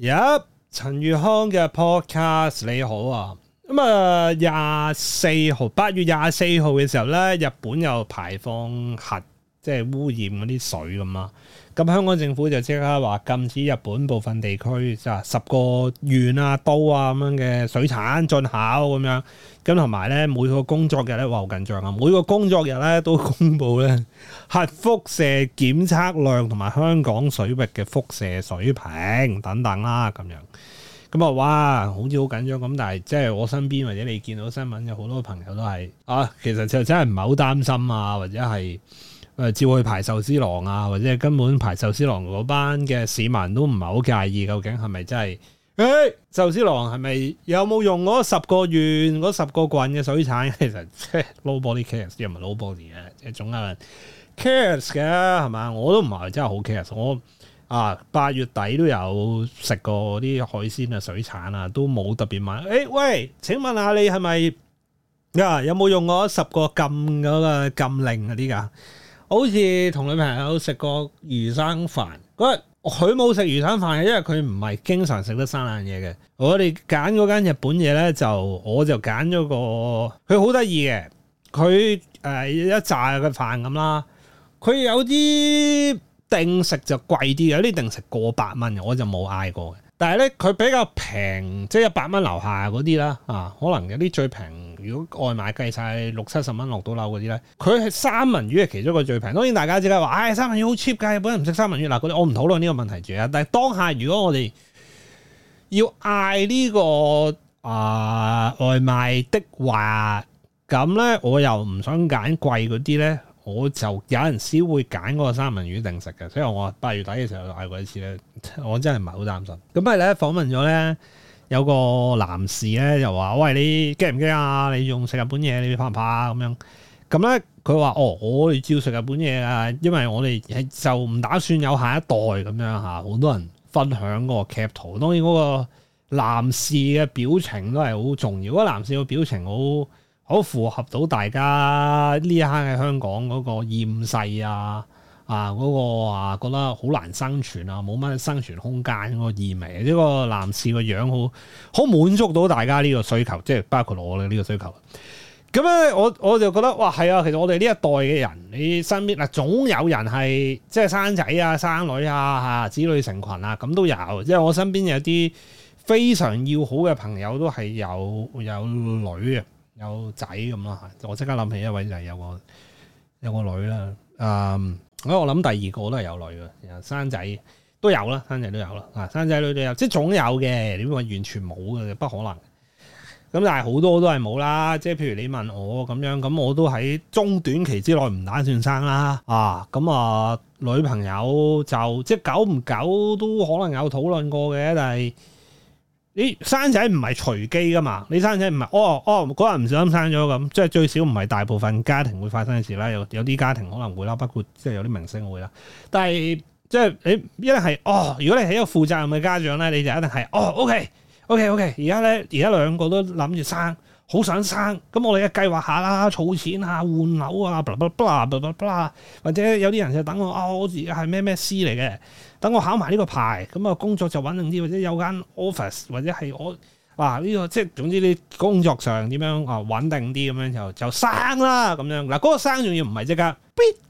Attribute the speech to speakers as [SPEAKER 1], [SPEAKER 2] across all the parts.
[SPEAKER 1] 有、yep, 陳宇康嘅 podcast 你好啊，咁啊廿四號八月廿四號嘅時候咧，日本又排放核，即係污染嗰啲水咁啊。咁香港政府就即刻話禁止日本部分地區，就是，十個縣啊，都啊咁樣嘅水產進口咁樣，咁同埋咧每個工作日咧話好緊張啊，每個工作日咧都公佈咧核輻射檢測量同埋香港水域嘅輻射水平等等啦，咁樣，咁啊哇，好似好緊張咁，但係即係我身邊或者你見到新聞有好多朋友都係啊，其實就真係唔係好擔心啊，或者係。誒、呃、照去排壽司郎啊，或者根本排壽司郎嗰班嘅市民都唔係好介意究竟係咪真係誒、欸、壽司郎係咪有冇用嗰十個縣、十個棍嘅水產？ 其實即係 nobody cares 又唔係 nobody 嘅，即係總之 cares 嘅係嘛？我都唔係真係好 cares。我啊八月底都有食過啲海鮮啊、水產啊，都冇特別問。誒、欸、喂，請問下你係咪啊有冇用嗰十個禁嗰個禁令嗰啲噶？好似同女朋友食個魚生飯，佢佢冇食魚生飯嘅，因為佢唔係經常食得生冷嘢嘅。我哋揀嗰間日本嘢咧，就我就揀咗個佢好得意嘅，佢誒、呃、一炸嘅飯咁啦。佢有啲定食就貴啲，有啲定食過百蚊嘅，我就冇嗌過嘅。但係咧，佢比較平，即係一百蚊樓下嗰啲啦，啊，可能有啲最平。如果外賣計晒六七十蚊落到樓嗰啲咧，佢係三文魚係其中一個最平。當然大家即刻話，唉、哎，三文魚好 cheap 㗎，本身唔食三文魚嗱嗰啲，我唔討論呢個問題住啊。但係當下如果我哋要嗌呢、呢個啊、呃、外賣的話咁咧，我又唔想揀貴嗰啲咧，我就有陣時會揀嗰個三文魚定食嘅。所以我八月底嘅時候嗌過一次咧，我真係唔係好擔心。咁係咧，訪問咗咧。有個男士咧就話：喂，你驚唔驚啊？你用食日本嘢，你怕唔怕啊？咁樣，咁咧佢話：哦，我哋照食日本嘢啊，因為我哋就唔打算有下一代咁樣嚇。好多人分享嗰個劇圖，當然嗰個男士嘅表情都係好重要。嗰個男士嘅表情好，好符合到大家呢一刻喺香港嗰個厭世啊。啊！嗰個啊覺得好難生存啊，冇乜生存空間嗰個意味，呢個男士個樣好好滿足到大家呢個需求，即係包括我哋呢個需求。咁咧，我我就覺得哇，係啊！其實我哋呢一代嘅人，你身邊嗱，總有人係即係生仔啊、生女啊、嚇子女成群啊，咁都有。即係我身邊有啲非常要好嘅朋友都係有有女啊、有仔咁咯。我即刻諗起一位就係有個有個女啦，嗯。我諗第二個都係有女嘅，生仔都有啦，生仔都有啦，啊，生仔女都有，即係總有嘅。點話完全冇嘅，不可能。咁但係好多都係冇啦，即係譬如你問我咁樣，咁我都喺中短期之內唔打算生啦，啊，咁、嗯、啊女朋友就即係久唔久都可能有討論過嘅，但係。你、哎、生仔唔係隨機噶嘛？你生仔唔係哦哦嗰日唔小心生咗咁，即係最少唔係大部分家庭會發生嘅事啦。有有啲家庭可能會啦，包括即係有啲明星會啦。但係即係你一定係哦，如果你係一個負責任嘅家長咧，你就一定係哦，OK OK OK。而家咧，而家兩個都諗住生，好想生。咁我哋嘅計劃下啦，儲錢啊，換樓啊 bla bla bla 或者有啲人就等我哦，我而家係咩咩師嚟嘅。等我考埋呢個牌，咁啊工作就穩定啲，或者有間 office，或者係我，哇、啊，呢、這個即係總之你工作上點樣啊穩定啲咁樣就就生啦，咁樣嗱，嗰、啊那個生仲要唔係即刻，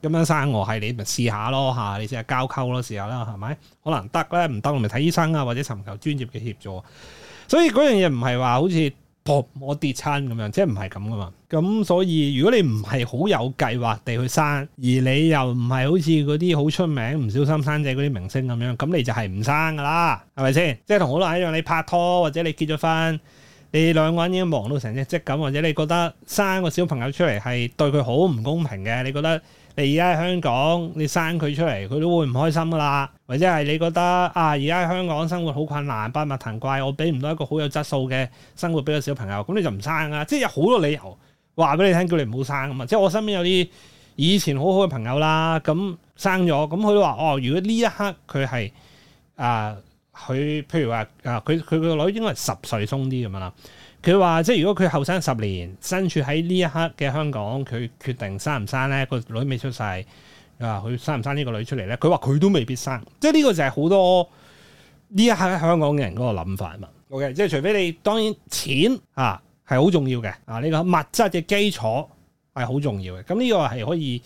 [SPEAKER 1] 咁樣生我係你咪試下咯吓，你試下交溝咯試下啦係咪？可能得咧，唔得咪睇醫生啊，或者尋求專業嘅協助。所以嗰樣嘢唔係話好似。哦、我跌親咁樣，即係唔係咁噶嘛？咁、嗯、所以如果你唔係好有計劃地去生，而你又唔係好似嗰啲好出名唔小心生仔嗰啲明星咁樣，咁你就係唔生噶啦，係咪先？即係同好難好多人一樣，你拍拖或者你結咗婚，你兩個人已經忙到成隻職咁，或者你覺得生個小朋友出嚟係對佢好唔公平嘅，你覺得？你而家喺香港，你生佢出嚟，佢都會唔開心噶啦。或者係你覺得啊，而家喺香港生活好困難，百物騰貴，我俾唔到一個好有質素嘅生活俾個小朋友，咁你就唔生啦。即係有好多理由話俾你聽，叫你唔好生啊嘛。即係我身邊有啲以前好好嘅朋友啦，咁生咗，咁佢都話哦，如果呢一刻佢係、呃、啊，佢譬如話啊，佢佢個女應該係十歲鬆啲咁樣啦。佢話：即係如果佢後生十年，身處喺呢一刻嘅香港，佢決定生唔生咧？佢個女未出世，佢話佢生唔生呢個女出嚟咧？佢話佢都未必生。即係呢個就係好多呢一刻香港嘅人嗰個諗法嘛。OK，即係除非你當然錢啊係好重要嘅啊，呢個物質嘅基礎係好重要嘅。咁，嗯，呢個係可以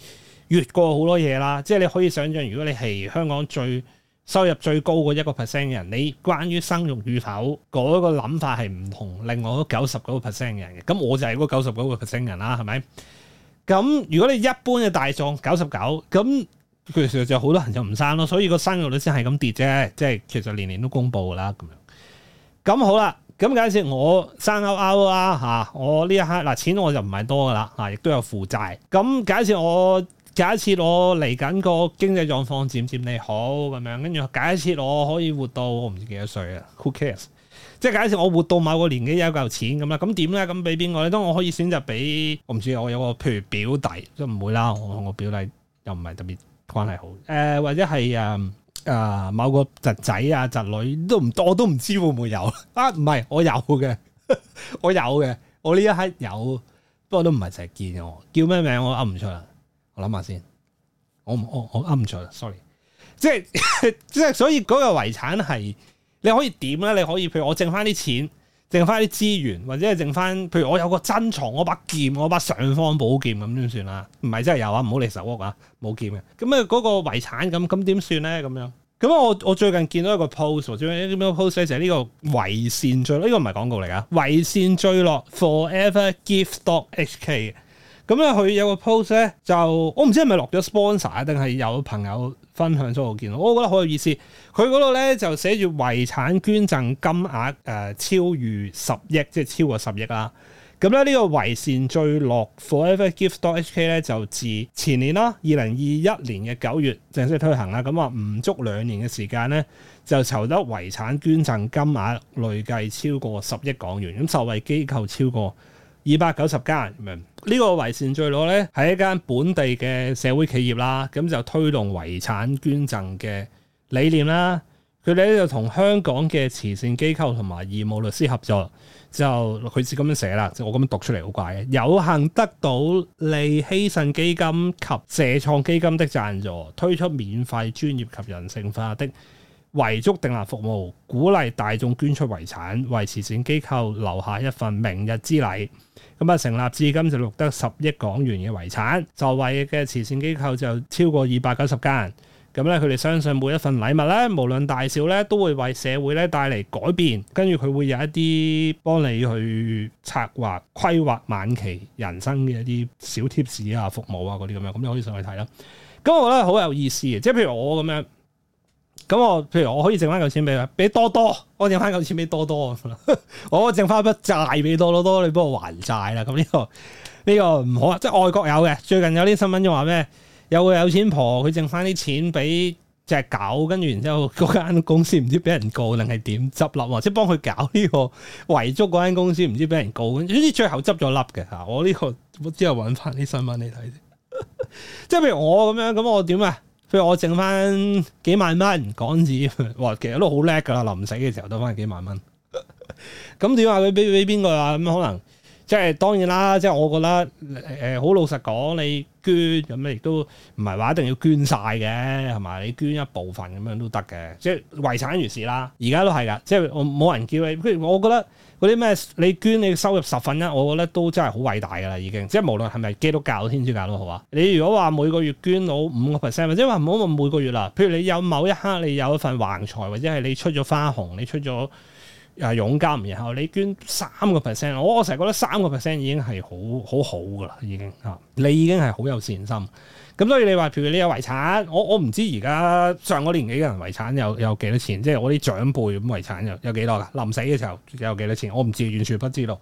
[SPEAKER 1] 越過好多嘢啦。即係你可以想像，如果你係香港最……收入最高嗰一個 percent 嘅人，你關於生育與否嗰、嗰個諗法係唔同另外嗰九十九個 percent 人嘅，咁我就係嗰九十九個 percent 人啦，係咪？咁如果你一般嘅大眾九十九，咁其實就好多人就唔生咯，所以個生育率先係咁跌啫，即係其實年年都公布噶啦咁樣。咁好啦，咁假設我生勾勾啊，嚇，我呢一刻嗱錢我就唔係多噶啦嚇，亦都有負債，咁假設我。假設我嚟緊個經濟狀況漸漸利好咁樣，跟住假設我可以活到我唔知幾多歲啊？Who cares？即係假設我活到某個年紀有一嚿錢咁啦，咁點咧？咁俾邊個咧？當我可以選擇俾我唔知，我有個譬如表弟都唔會啦。我同我表弟又唔係特別關係好。誒、呃，或者係啊啊某個侄仔啊侄女都唔多，我都唔知會唔會有啊？唔係我有嘅，我有嘅， 我呢一刻有，不過都唔係成日見我。叫咩名我噏唔出啦。我諗下先，我唔我我啱唔錯啦，sorry，即係即係所以嗰個遺產係你可以點咧？你可以譬如我剩翻啲錢，剩翻啲資源，或者係剩翻譬如我有個珍藏，我把劍，我把上方寶劍咁點算啦？唔係真係有啊，唔好嚟手屋啊，冇劍嘅。咁啊嗰個遺產咁咁點算咧？咁樣咁我我最近見到一個 post，最緊要 post 就係、是、呢個遺善墜，呢、這個唔係廣告嚟噶，遺善墜落 forever gift dot hk。咁咧，佢、嗯、有個 post 咧，就我唔知係咪落咗 sponsor 啊，定係有朋友分享咗我見到，我覺得好有意思。佢嗰度咧就寫住遺產捐贈金額誒、呃、超逾十億，即係超過十億啦。咁咧呢個遺善最落 Forever Gift HK 咧，就自前年啦，二零二一年嘅九月正式推行啦。咁啊，唔足兩年嘅時間咧，就籌得遺產捐贈金額累計超過十億港元，咁受惠機構超過二百九十間。呢個遺善最樂呢係一間本地嘅社會企業啦，咁就推動遺產捐贈嘅理念啦。佢哋咧就同香港嘅慈善機構同埋義務律師合作，之後佢似咁樣寫啦，即我咁樣讀出嚟好怪嘅，有幸得到利希慎基金及社創基金的贊助，推出免費專業及人性化的。遺囑訂立服務，鼓勵大眾捐出遺產，為慈善機構留下一份明日之禮。咁啊，成立至今就錄得十億港元嘅遺產，就為嘅慈善機構就超過二百九十間。咁咧，佢哋相信每一份禮物咧，無論大小咧，都會為社會咧帶嚟改變。跟住佢會有一啲幫你去策劃、規劃晚期人生嘅一啲小貼士啊、服務啊嗰啲咁樣，咁你可以上去睇啦。咁我覺得好有意思，即係譬如我咁樣。咁我譬如我可以剩翻嚿錢俾，俾多多，我剩翻嚿錢俾多多，呵呵我剩翻筆債俾多多，多你幫我還債啦。咁呢個呢個唔好啊，即係外國有嘅，最近有啲新聞就話咩，有個有錢婆佢剩翻啲錢俾隻狗，跟住然之後嗰間公司唔知俾人告定係點執笠，即係幫佢搞呢個遺囑嗰間公司唔知俾人告，總之最後執咗笠嘅吓。我呢個之後搵翻啲新聞嚟睇，即係譬如我咁樣，咁我點啊？比如我剩翻幾萬蚊港紙，哇！其實都好叻噶啦，臨死嘅時候得翻幾萬蚊，咁點話佢畀俾邊個啊？咁可能。即係當然啦，即係我覺得誒好、呃、老實講，你捐咁亦都唔係話一定要捐晒嘅，係嘛？你捐一部分咁樣都得嘅。即係遺產如是啦，而家都係噶。即係我冇人叫你。譬如我覺得嗰啲咩，你捐你收入十分一，我覺得都真係好偉大噶啦，已經。即係無論係咪基督教、天主教都好啊。你如果話每個月捐到五個 percent，或者話唔好話每個月啦，譬如你有某一刻你有一份橫財，或者係你出咗花紅，你出咗。啊，佣金，然後你捐三個 percent，我我成日覺得三個 percent 已經係好好好噶啦，已經嚇、嗯、你已經係好有善心。咁所以你話譬如你有遺產，我我唔知而家上個年紀嘅人遺產有有幾多錢，即係我啲長輩咁遺產有有幾多噶？臨死嘅時候有幾多錢？我唔知，完全不知道。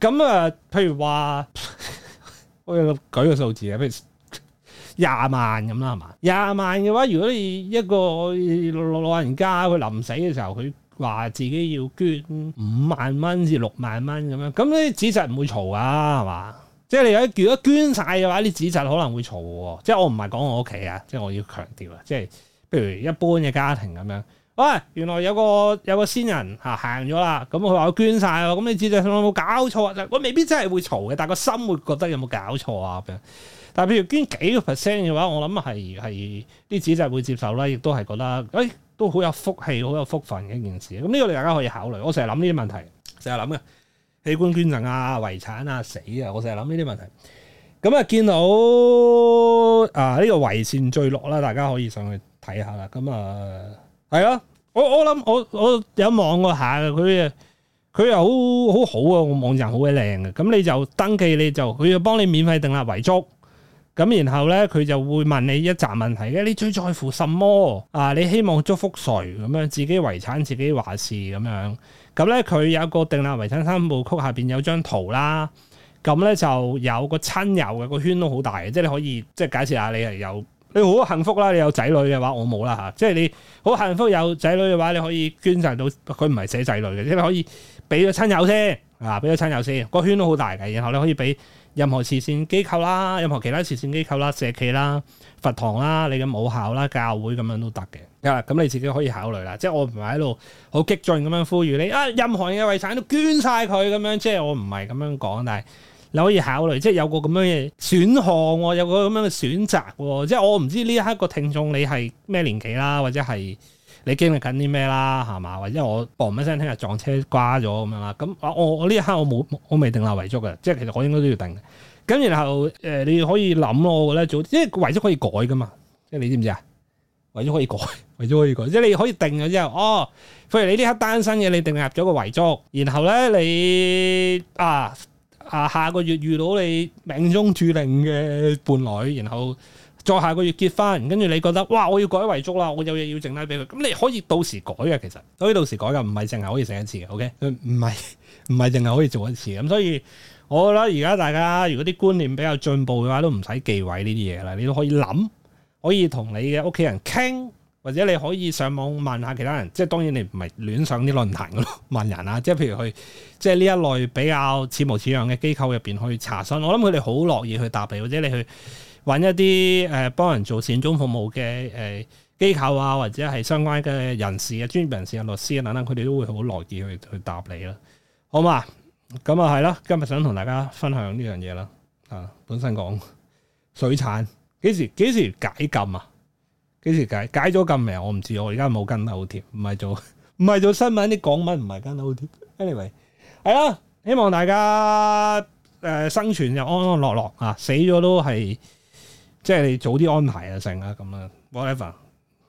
[SPEAKER 1] 咁啊、呃，譬如話 我舉個數字啊，譬如廿萬咁啦，係嘛？廿萬嘅話，如果你一個老老人家佢臨死嘅時候佢。話自己要捐五萬蚊至六萬蚊咁樣，咁啲子侄唔會嘈啊，係嘛？即係你有如果捐晒嘅話，啲子侄可能會嘈。即係我唔係講我屋企啊，即係我要強調啊，即係譬如一般嘅家庭咁樣。喂，原來有個有個先人吓、啊、行咗啦，咁佢話我捐晒，咁你子侄有冇搞錯啊？我未必真係會嘈嘅，但係個心會覺得有冇搞錯啊？但譬如捐幾個 percent 嘅話，我諗係係啲指責會接受啦，亦都係覺得，哎，都好有福氣，好有福分嘅一件事。咁、這、呢個大家可以考慮。我成日諗呢啲問題，成日諗嘅器官捐贈啊、遺產啊、死啊，我成日諗呢啲問題。咁、嗯、啊，見到啊呢、這個遺善最樂啦，大家可以上去睇下啦。咁、嗯、啊，係啊，我我諗我我有望過下嘅佢啊，佢又好，好好好啊，個網站好鬼靚嘅。咁你就登記你就佢要幫你免費訂立遺囑。咁然後咧，佢就會問你一陣問題嘅，你最在乎什麼啊？你希望祝福誰咁樣？自己遺產自己話事咁樣。咁咧佢有一個定立遺產三部曲，下邊有張圖啦。咁咧就有個親友嘅個圈都好大嘅，即係你可以即係解釋下你係有你好幸福啦。你有仔女嘅話，我冇啦嚇。即係你好幸福有仔女嘅話，你可以捐晒到佢唔係寫仔女嘅，即係你可以。俾咗親友先，嗱俾咗親友先，個圈都好大嘅。然後你可以俾任何慈善機構啦，任何其他慈善機構啦、社企啦、佛堂啦、你嘅母校啦、教會咁樣都得嘅。咁、嗯、你自己可以考慮啦。即係我唔係喺度好激進咁樣呼籲你啊，任何嘅遺產都捐晒佢咁樣。即係我唔係咁樣講，但係你可以考慮。即係有個咁樣嘅選項，有個咁樣嘅選擇。即係我唔知呢一刻個聽眾你係咩年紀啦，或者係。你經歷緊啲咩啦？係嘛？或者我嘣一聲聽日撞車瓜咗咁樣啦？咁、呃、我我我呢一刻我冇我未定立遺囑嘅，即係其實我應該都要定。咁然後誒、呃，你可以諗咯，我覺得做，因為遺囑可以改噶嘛，即係你知唔知啊？遺囑可以改，遺囑可以改，即係你可以定咗之後，哦，譬如你呢刻單身嘅，你定立咗個遺囑，然後咧你啊啊下個月遇到你命中注定嘅伴侶，然後。再下個月結婚，跟住你覺得哇，我要改遺囑啦，我有嘢要剩低俾佢，咁你可以到時改嘅，其實可以到時改嘅，唔係淨係可以寫一次嘅，OK？唔係唔係淨係可以做一次咁，所以我覺得而家大家如果啲觀念比較進步嘅話，都唔使忌諱呢啲嘢啦，你都可以諗，可以同你嘅屋企人傾，或者你可以上網問下其他人，即係當然你唔係亂上啲論壇咯，問人啊，即係譬如去即係呢一類比較似模似樣嘅機構入邊去查詢，我諗佢哋好樂意去答你，或者你去。揾一啲誒幫人做善終服務嘅誒機構啊，或者係相關嘅人士啊、專業人士啊、律師啊等等，佢哋都會好樂意去去答你啦。好嘛，咁啊係啦，今日想同大家分享呢樣嘢啦。啊，本身講水產幾時幾時解禁啊？幾時解解咗禁未我唔知，我而家冇跟到好貼，唔係做唔係做新聞啲講文，唔係跟到好貼。Anyway，係啦，希望大家誒生存就安安樂樂啊，死咗都係。即係你早啲安排啊，成啊咁啊，whatever，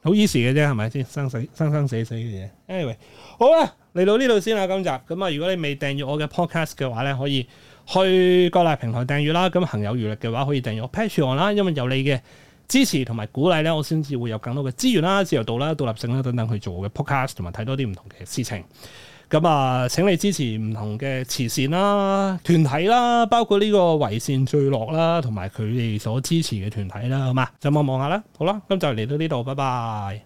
[SPEAKER 1] 好 easy 嘅啫，係咪先生死生生死死嘅嘢？Anyway，好啦，嚟到呢度先啦，今集咁啊！如果你未訂閱我嘅 podcast 嘅話咧，可以去各大平台訂閱啦。咁行有餘力嘅話，可以訂閱我 Patreon 啦。因為有你嘅支持同埋鼓勵咧，我先至會有更多嘅資源啦、自由度啦、獨立性啦等等去做嘅 podcast 同埋睇多啲唔同嘅事情。咁啊！請你支持唔同嘅慈善啦、團體啦，包括呢個維善聚落啦，同埋佢哋所支持嘅團體啦，好嘛？上網望下啦，好啦，咁就嚟到呢度，拜拜。